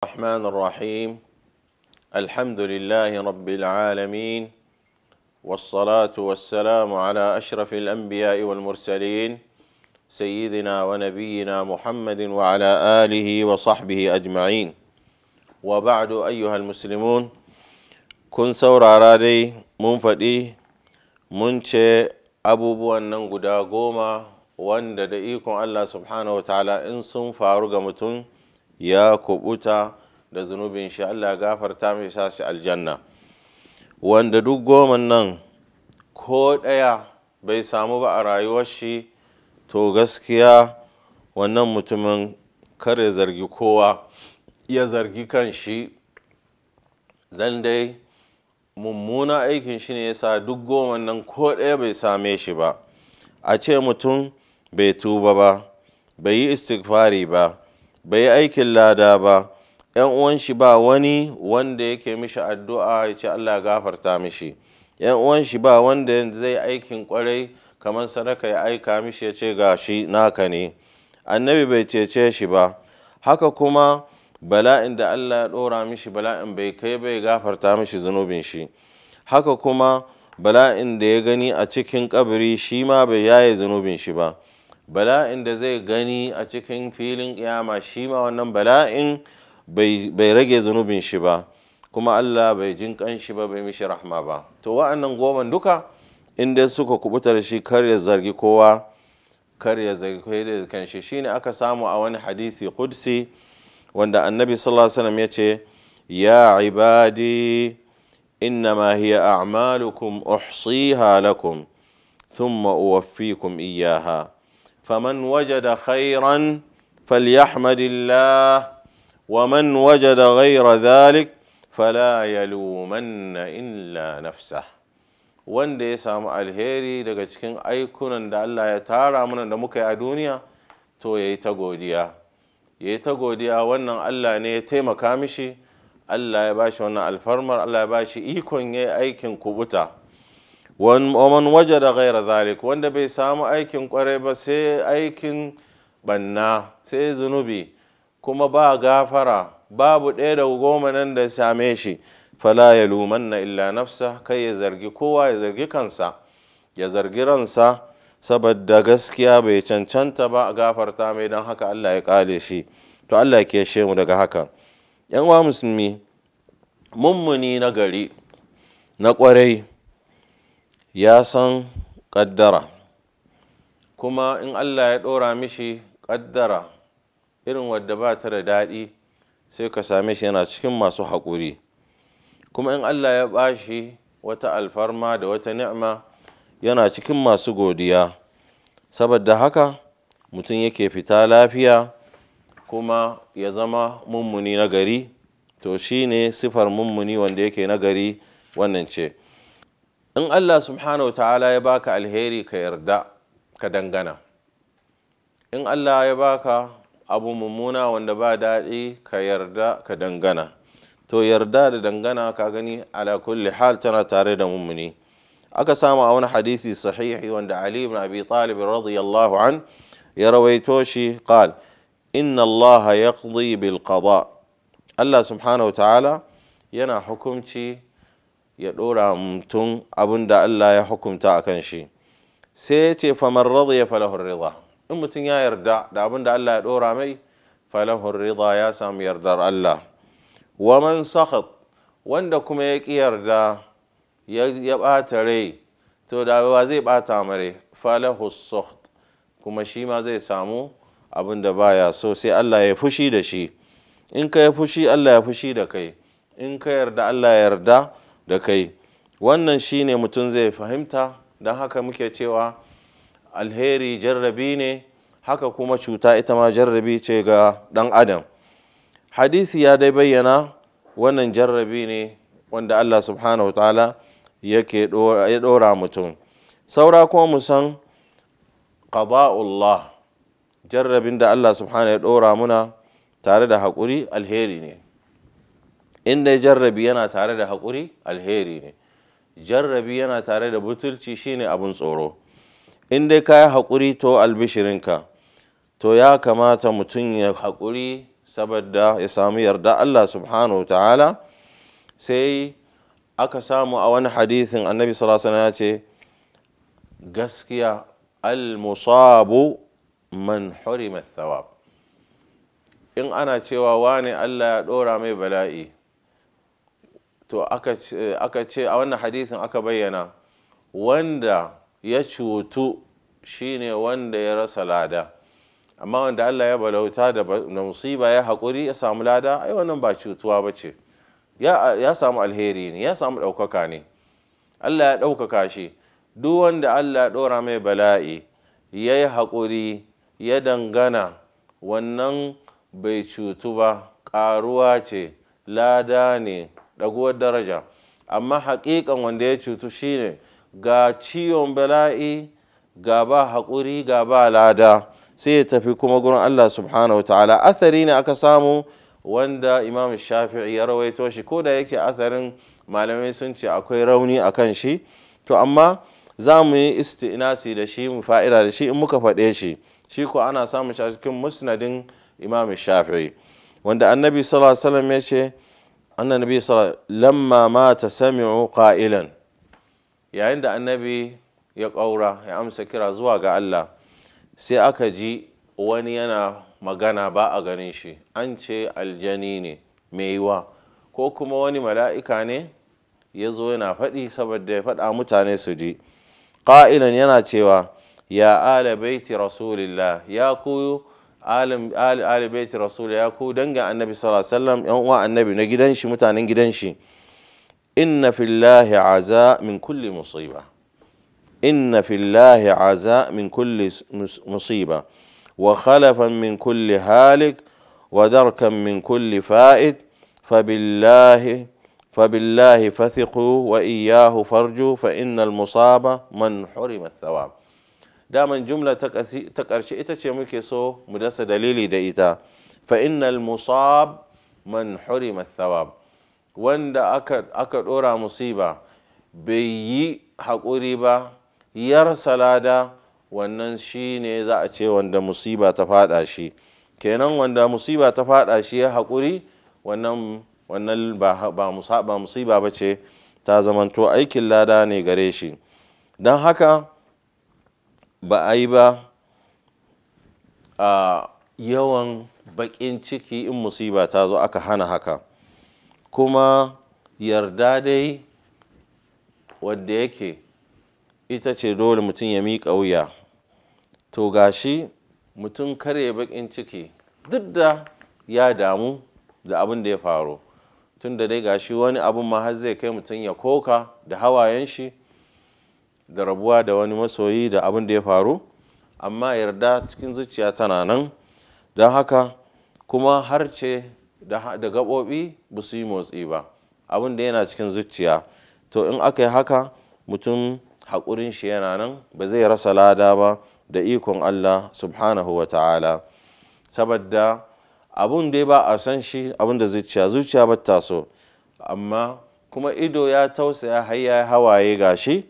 الرحمن الرحيم الحمد لله رب العالمين والصلاة والسلام على أشرف الأنبياء والمرسلين سيدنا ونبينا محمد وعلى آله وصحبه أجمعين وبعد أيها المسلمون كن سورة رادي منفدي منشي أبو بوان ننقدا قوما وان دقيقكم الله سبحانه وتعالى إنسون فارغ متون ya kubuta da zunubin shi Allah gafarta mai sa shi aljanna wanda duk goman nan ko ɗaya bai samu ba a rayuwar shi to gaskiya wannan mutumin kare zargi kowa ya zargi kan shi dan dai mummuna aikin shi ne yasa duk goma nan ko ɗaya bai same shi ba a ce mutum bai tuba ba bai yi istighfari ba bai aikin lada ba yan uwan shi ba wani wanda yake mishi addu'a ya ce Allah gafarta mishi yan uwan shi ba wanda zai aikin kwarai kamar sadaka ya aika mishi ya ce ga shi naka ne annabi bai cece shi ba haka kuma bala'in da Allah ya ɗora mishi bala'in bai kai bai gafarta mishi zunubin shi haka kuma bala'in da ya gani a cikin kabari shi ma bai yaye zunubin shi ba bala'in da zai gani a cikin filin kiyama shi ma wannan bala'in bai rage zunubin shi ba kuma Allah bai jin shi ba bai mishi rahma ba to wa'annan goma duka inda suka kubutar shi kar ya zargi kowa kar ya zargi kowa da kanshi shine aka samu a wani hadisi qudsi wanda annabi sallallahu alaihi wasallam yace ya ibadi ma hiya a'malukum uhsiha lakum thumma uwaffikum iyyaha faman wajada da falyahmadillah ومن وجد غير ذلك فلا يلومن illa نفسه wanda ya samu alheri daga cikin aikunan da Allah ya tara mana da muka yi a duniya to ya yi ta godiya ya yi ta godiya wannan Allah ne ya taimaka mishi Allah ya bashi wannan alfarmar Allah ya bashi ikon ya yi aikin kubuta waman waje da gaira zalik wanda bai samu aikin kwarai ba sai aikin banna sai zunubi kuma ba gafara babu ɗaya da goma nan da same shi fala ya lumanna illa nafsa kai ya zargi kowa ya zargi kansa ya zargi ransa saboda gaskiya bai cancanta ba a gafarta mai don haka Allah ya kale shi to Allah ke she mu daga haka yan wa musulmi mummuni na gari na kwarai ya san ƙaddara kuma in allah ya ɗora mishi ƙaddara irin wadda ba ta da daɗi sai ka same shi yana cikin masu haƙuri kuma in allah ya ba shi wata alfarma da wata ni'ima yana cikin masu godiya saboda haka mutum yake fita lafiya kuma ya zama mummuni na gari to ne sifar mummuni wanda yake na gari wannan ce in allah subhanahu wa ta'ala ya baka alheri ka yarda ka dangana in allah ya baka abu mummuna wanda ba daɗi ka yarda ka dangana to yarda da dangana ka gani ala kulli hal tana tare da mummuni aka samu a wani hadisi sahihi wanda ali ibn abi talib radiyallahu an ya rawaito shi qal inna allah yaqdi bil qada allah subhanahu wa ta'ala yana hukunci ya ɗora mutum abin da Allah ya hukunta a kan shi sai ya ce faman ya falahun rida in mutum ya yarda da abin da Allah ya ɗora mai falahun rida ya samu yardar Allah waman sakhat wanda kuma ya ƙi yarda ya ɓata rai to da ba zai ɓata mare falahu sakht kuma shi ma zai samu abin da baya so sai Allah ya fushi da shi in ka ya fushi Allah ya fushi da kai in ka yarda Allah ya yarda da kai wannan shine mutum zai fahimta don haka muke cewa alheri jarrabi ne haka kuma cuta ita ma jarrabi ce ga ɗan adam hadisi ya dai bayyana wannan jarrabi ne wanda allah subhanahu ta'ala yake ya dora mutum saura kuma mu san qada'ullah jarrabin da allah subhanahu ya ɗora muna tare da haƙuri alheri ne in dai jarrabi yana tare da haƙuri alheri ne jarrabi yana tare da butulci shine abin tsoro in dai ka yi haƙuri to albishirinka to ya kamata mutum ya haƙuri saboda ya samu yarda Allah subhanahu ta'ala sai aka samu a wani hadithin annabi sarasana ya ce gaskiya al-musabu man hurima thawab in ana cewa wane Allah ya ɗora mai bala'i to aka ce a wannan hadisin aka bayyana wanda ya cutu shine wanda ya rasa lada amma wanda Allah ya balauta da musiba ya haƙuri ya samu lada ai wannan ba cutuwa ba ce ya samu alheri ne ya samu ɗaukaka ne Allah ya ɗaukaka shi duk wanda Allah ya ɗora mai bala'i ya yi haƙuri ya dangana wannan bai cutu ba ƙaruwa ce lada ne ɗaguwar daraja amma haƙiƙan wanda ya cutu shine ga ciwon bala'i ga ba haƙuri ga ba lada sai ya tafi kuma gurin Allah subhanahu wa ta'ala athari ne aka samu wanda imam shafi'i ya rawaito shi ko da yake atharin malamai sun ce akwai rauni a kan shi to amma za mu yi istinasi da shi mu fa'ida da shi in muka faɗe shi shi ko ana samun shi a cikin musnadin imam shafi'i wanda annabi sallallahu alaihi wasallam ya ce anna nabi lamma mata sami'u qa'ilan yayin da annabi ya ƙaura ya amsa kira zuwa ga Allah sai aka ji wani yana magana ba a ganin shi an ce aljani ne mai yiwa ko kuma wani mala'ika ne ya zo yana faɗi saboda ya faɗa mutane su ji ƙa'ilan yana cewa ya ala baiti rasulillah ya koyo alin ali baiti rasul ya ku danga annabi sallallahu alaihi wasallam yan uwa annabi na gidan shi mutanen gidan shi inna fillahi aza min kulli musiba inna fillahi aza min kulli musiba wa khalafan min kulli halik wa darkan min kulli fa'id fabillahi فبالله فثقوا وإياه فارجوا فإن المصاب من حرم الثواب daman jumla ta ƙarshe ita ce muke so mu dasa dalili da ita fa innal musab man hurima thawab wanda aka aka dora musiba bai yi haƙuri ba yar salada wannan shi ne za a ce wanda musiba ta fada shi kenan wanda musiba ta fada shi ya haƙuri wannan wannan ba musiba ba ce ta zamanto aikin lada ne gare shi don haka ba a yi ba a yawan baƙin ciki in musiba ta zo aka hana haka kuma yarda dai wadda yake ita ce dole mutum ya miƙa wuya to gashi mutum kare baƙin ciki duk da ya damu da abin da ya faru tun da dai gashi wani abin ma har zai kai mutum ya koka da hawayen shi da rabuwa da wani masoyi da abin da ya faru amma yarda cikin zuciya tana nan don haka kuma har ce da gaɓoɓi ba su yi motsi ba abin da yana cikin zuciya to in aka yi haka mutum haƙurin shi yana nan ba zai rasa lada ba da ikon Allah subhanahu wa ta'ala saboda abun da ba a san shi abun da zuciya zuciya ba ta so amma kuma ido ya tausaya har ya hawaye gashi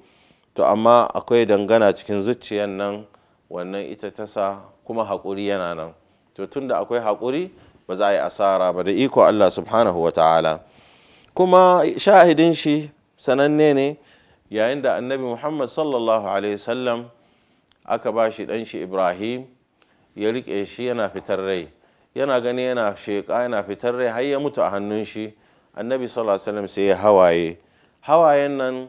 to amma akwai dangana cikin zuciyan nan wannan ita ta sa kuma haƙuri yana nan to tunda akwai haƙuri ba za a yi asara ba da iko Allah subhanahu wa ta'ala kuma shahidin shi sananne ne yayin da annabi Muhammad sallallahu alaihi sallam aka ba shi ɗan shi Ibrahim ya riƙe shi yana fitar rai yana gani yana sheƙa yana fitar rai har ya mutu a hannun shi annabi sallallahu alaihi sallam sai ya hawaye hawayen nan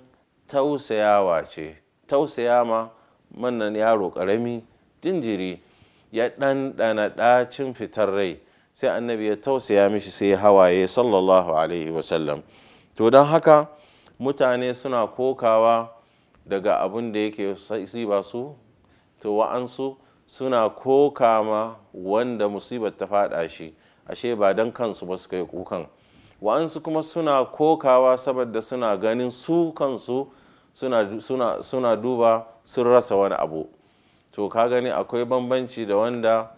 tausayawa ce tausaya ma mannan yaro ƙarami jinjiri ya ɗanɗana ɗacin fitar rai sai annabi ya tausaya mishi sai hawaye sallallahu alaihi wasallam to don haka mutane suna kokawa daga abin da yake ba su to wa'ansu suna kokama wanda musibar ta fada shi ashe ba don kansu ba suka yi kukan wa'ansu kuma suna kokawa saboda suna ganin su kansu suna duba sun rasa wani abu to ka gani akwai bambanci da wanda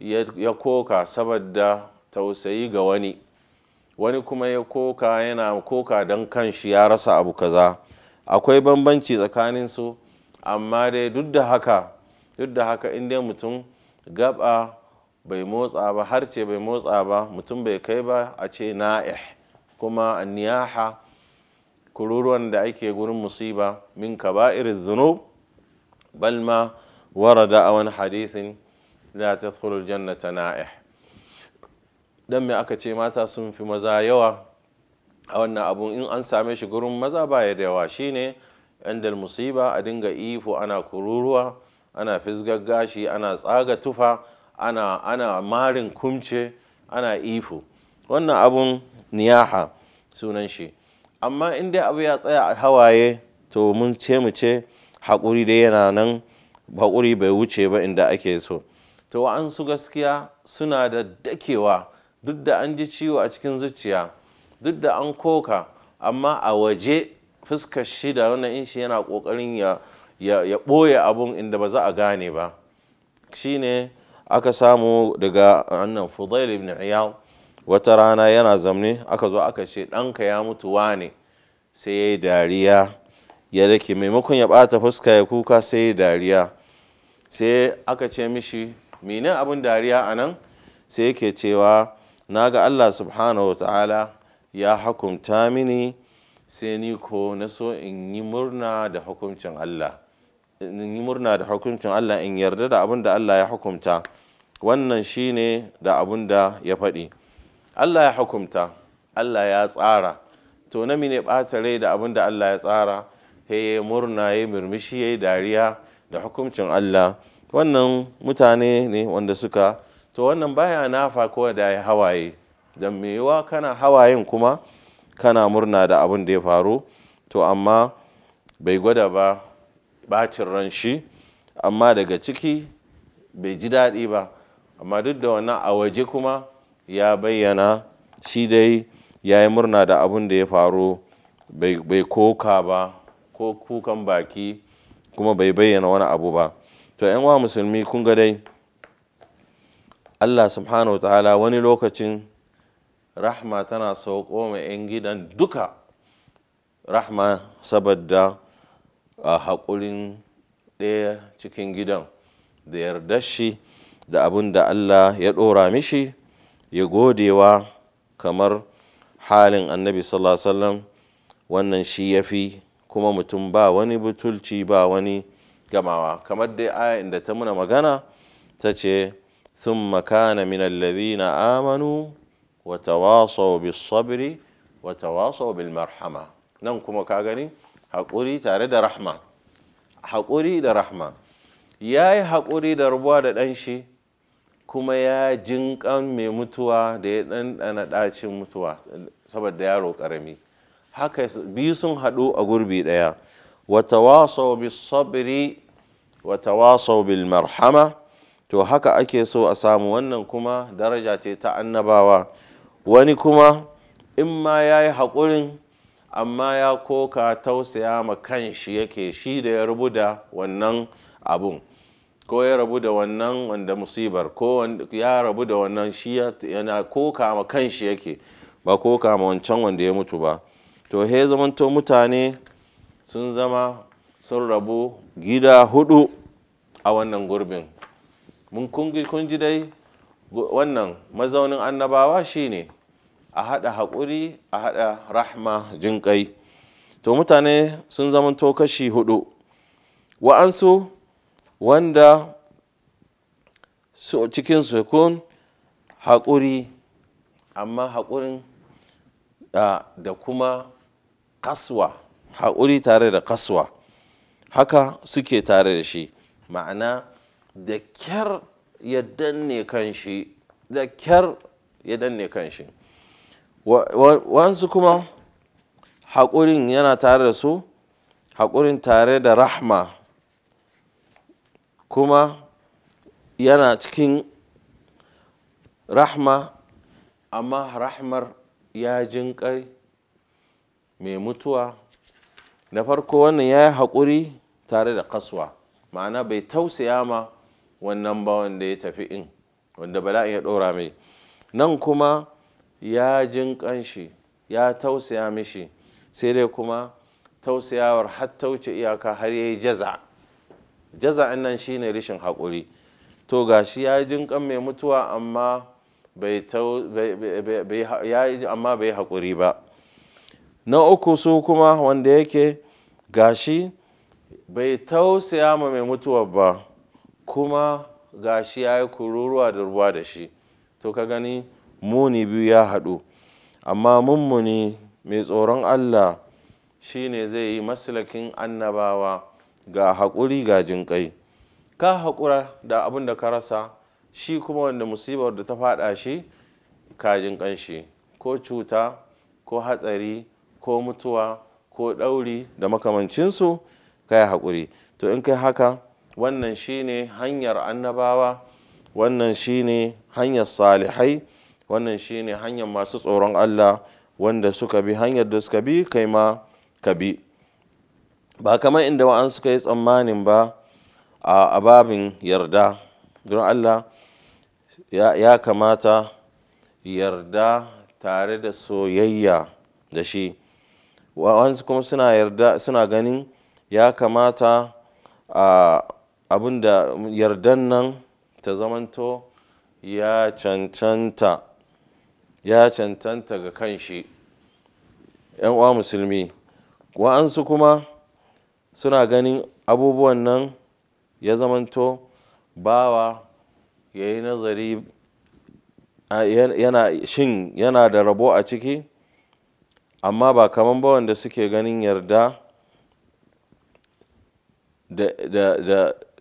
ya koka saboda tausayi ga wani wani kuma ya koka yana koka don shi ya rasa abu kaza akwai bambanci tsakanin su amma dai duk da haka duk da haka in dai mutum gaba bai motsa ba harce bai motsa ba mutum bai kai ba a ce na'ih kuma niyaha kururuwan da ake gurin musiba min kaba'ir zunub bal ma warada a wani hadisin la tadkhulul jannata na'ih dan me aka ce mata sun fi maza yawa a wannan abun in an same shi gurin maza ba ya da yawa shine dal musiba a dinga ifo ana kururuwa ana fisgaggashi ana tsaga tufa ana ana marin kumce ana ifo wannan abun niyaha sunan shi amma inda abu ya tsaya a hawaye to mun ce mu ce haƙuri dai yana nan haƙuri bai wuce ba inda ake so to an su gaskiya suna da dakewa duk da an ji ciwo a cikin zuciya duk da an koka amma a waje fuskar shida wannan in shi yana ƙoƙarin ya ɓoye abun inda ba za a gane ba shine aka samu daga annan fudail ibn iyal wata rana yana zamne aka zo aka ce ɗanka ya mutu ne sai ya yi dariya ya dake maimakon ya ɓata fuska ya kuka sai ya dariya sai aka ce mishi mene abin dariya a nan sai yake cewa na ga allah subhanahu wa ta'ala ya hukunta mini sai ni ko na so in yi murna da hukuncin allah in yarda da abin da allah ya hukunta wannan shine da abin da ya faɗi Allah ya hukumta Allah ya tsara to na mine ɓata rai da abin da Allah ya tsara he murna ya murmushi ya dariya da hukuncin Allah wannan mutane ne wanda suka to wannan baya nafa ko da ya hawaye dan mewa kana hawayen kuma kana murna da abin da ya faru to amma bai gwada ba bacin ran shi amma daga ciki bai ji daɗi ba amma duk da wannan a waje kuma ya bayyana shi dai ya yi murna da abin da ya faru bai koka ba ko kukan baki kuma bai bayyana wani abu ba to yan wa musulmi kun ga dai allah subhanahu wa ta'ala wani lokacin rahma tana sauko mai 'yan gidan duka rahma saboda haƙurin ɗaya cikin gidan da yarda shi da abin da allah ya ɗora mishi ya godewa kamar halin annabi sallallahu wannan shi ya fi kuma mutum ba wani butulci ba wani gamawa kamar dai aya inda ta muna magana ta ce sun makana min na amanu wata waso bisabiri wata waso tawasau marhama nan kuma ka gani haƙuri tare da rahma haƙuri da rahma ya yi haƙuri da rabuwa da ɗan shi kuma ya jinkan mai mutuwa da ya ɗanɗana ɗacin mutuwa saboda yaro ƙarami haka biyu sun haɗu a gurbi ɗaya wata waso sabiri wata bil marhama to haka ake so a samu wannan kuma daraja ce ta annabawa wani kuma in ma ya yi haƙurin amma ya koka tausaya ma kan shi yake shi da ya rubuta wannan abun ko ya rabu da wannan wanda musibar ko ya rabu da wannan shi yana ko kama kanshi yake ba ko kama wancan wanda ya mutu ba to he zamanto mutane sun zama sun rabu gida hudu a wannan gurbin mun kun ji dai wannan mazaunin annabawa shine a haɗa haƙuri a haɗa rahma jinƙai to mutane sun zamanto kashi hudu wa'ansu wanda su cikin sukun haƙuri amma haƙurin da kuma kaswa haƙuri tare da kaswa haka suke tare da shi ma'ana da kyar ya danne kan shi da kuma haƙurin yana tare da su haƙurin tare da rahma kuma yana cikin rahma amma rahmar ya jinƙai mai mutuwa na farko wannan ya yi haƙuri tare da kaswa ma'ana bai tausaya ma wannan ba wanda ya tafi in wanda bala'in ya ɗora mai nan kuma ya jin shi ya tausaya mishi sai dai kuma tausayawar hattauce iyaka har ya yi jaza jaza nan shine rishin haƙuri to gashi ya jin kan mai mutuwa amma bai haƙuri ba na uku su kuma wanda yake gashi bai tausaya ma mai mutuwa ba kuma gashi ya yi kururuwa da ruwa da shi to ka gani muni biyu ya haɗu amma mummuni mai tsoron allah shine zai yi maslakin annabawa ga haƙuri ga jinƙai ka haƙura da abin da ka rasa shi kuma wanda musibar da ta faɗa shi ka jinƙan shi ko cuta ko hatsari ko mutuwa ko ɗauri da makamancinsu ka yi haƙuri to in kai haka wannan shine hanyar annabawa wannan shine hanyar salihai wannan shine hanyar masu tsoron allah wanda suka bi hanyar da suka bi kai ma ka bi ba kamar inda wa'an suka yi tsammanin ba a babin yarda don allah ya kamata yarda tare da soyayya da shi wa'ansu kuma suna yarda suna ganin ya kamata abin da yardan nan ta zamanto ya cancanta ya cancanta ga kanshi 'yan uwa musulmi wa'ansu kuma suna ganin abubuwan nan ya zamanto bawa ya yi nazari yana shin yana da rabo a ciki amma ba kamar bawan da suke ganin yarda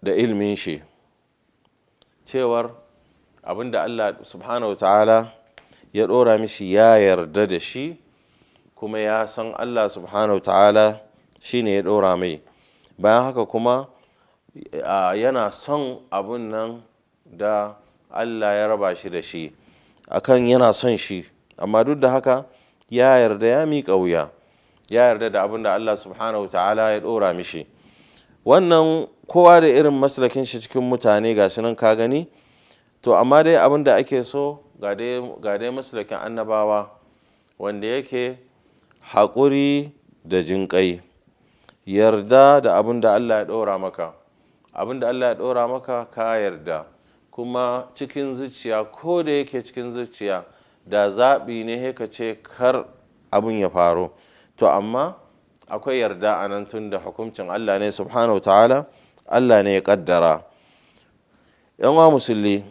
da ilmin shi cewar abinda allah subhanahu ta'ala ya ɗora mishi ya yarda da shi kuma ya san allah subhanahu ta'ala shine ya ɗora mai bayan haka kuma yana son abun nan da allah ya raba shi da shi akan yana son shi amma duk da haka ya yarda ya miƙa wuya ya yarda da abin da allah subhanahu wa ta'ala ya ɗora mishi wannan kowa da irin maslakin shi cikin mutane ga nan ka gani to amma dai abin da ake so ga dai maslakin annabawa wanda yake haƙuri da jinƙai yarda da abin da Allah ya ɗora maka abin da Allah ya ɗora maka ka yarda kuma cikin zuciya ko da yake cikin zuciya da zaɓi ne ka ce kar abin ya faru to amma akwai yarda a nan tun da hukuncin Allah ne subhanahu ta'ala Allah ne ya ƙaddara wa musulli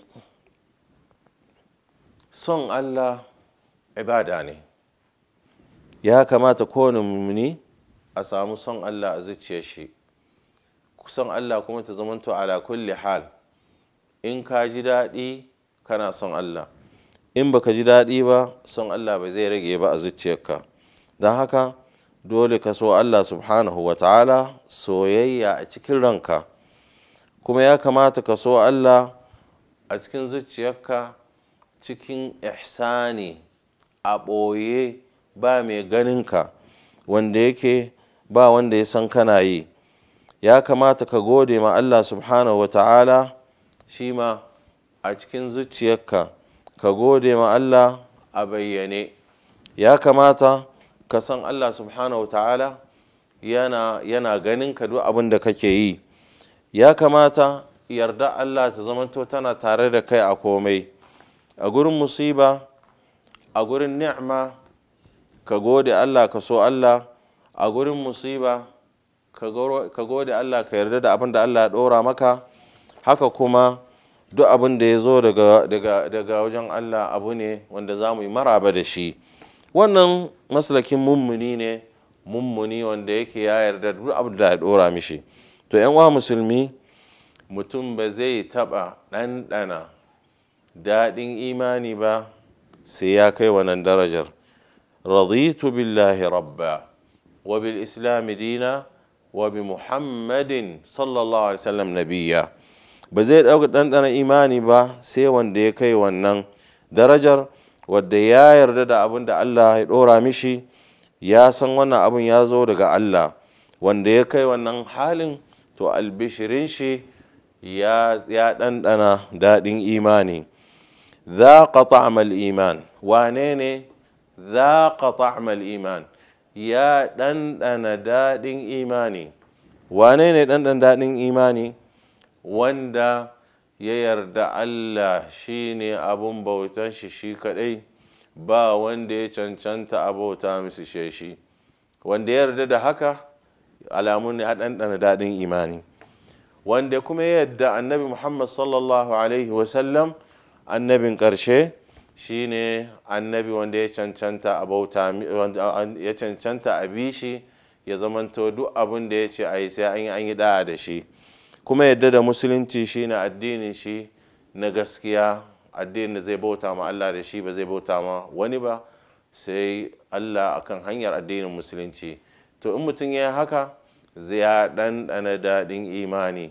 son Allah ibada ne ya kamata kowane mummuni a samu son Allah a zuciyar shi son Allah kuma ta to ala kulli hal in ka ji daɗi kana son Allah in baka ji daɗi ba son Allah ba zai rage ba a zuciyarka don haka dole ka so Allah subhanahu wa ta'ala soyayya a cikin ranka kuma ya kamata ka so Allah a cikin zuciyarka cikin ihsani a ɓoye ba mai ganinka wanda yake ba wanda ya san kana yi ya kamata ka gode ma Allah subhanahu wa ta'ala shi ma a cikin zuciyarka ka gode ma Allah a bayyane ya kamata ka san Allah subhanahu wa ta'ala yana, ganin ka duk abin da kake yi ya kamata yarda Allah ta zamanto tana tare da kai a komai a gurin musiba a gurin ni'ma ka gode Allah ka so Allah a gurin musiba ka gode Allah ka yarda da abin da Allah ya ɗora maka haka kuma duk abin da ya zo daga wajen Allah abu ne wanda za mu yi maraba da shi wannan maslakin mummuni ne mummuni wanda yake ya yarda duk abin da ya ɗora mishi to yan uwa musulmi mutum ba zai taɓa ɗanɗana daɗin imani ba sai ya kai wannan darajar radhitu billahi rabba وبالإسلام دينا وبمحمد صلى الله عليه ba zai بزيد أوقات أنت ba sai wanda ya kai wannan darajar wadda ya yarda da abin da Allah ya ɗora mishi ya san wannan abin ya zo daga Allah wanda ya kai wannan halin to albishirin shi ya ɗanɗana daɗin imani za ka ta'amal iman wane ne za ka ta'amal iman ya ɗanɗana daɗin imani wane ne ɗanɗana daɗin imani wanda ya yarda Allah shi ne abin bautan shi shi kaɗai ba wanda ya cancanta abota musu shi wanda ya yarda da haka alamun ne a ɗanɗana daɗin imani wanda kuma ya yarda annabi muhammad sallallahu alaihi wasallam annabin ƙarshe shine annabi wanda ya cancanta a bauta ya cancanta a bishi ya zamanto duk abin da ya ce a yi sai an yi da'a da shi kuma yadda da musulunci shine addinin shi na gaskiya addinin da zai bauta ma Allah da shi ba zai bauta ma wani ba sai Allah akan hanyar addinin musulunci to in mutum ya haka zai ɗanɗana daɗin imani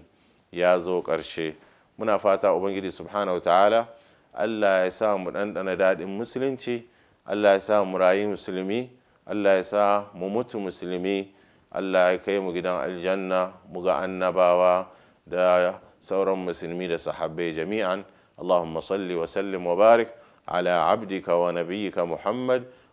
ya zo ƙarshe muna fata ubangiji subhanahu ta'ala Allah ya sa mu ɗanɗana daɗin musulunci Allah ya sa mu rayu musulmi Allah ya sa mu mutu musulmi Allah ya kai mu gidan aljanna mu ga annabawa da sauran musulmi da sahabbai jami'an Allahumma salli wa sallim wa barik ala abdika wa nabiyyika Muhammad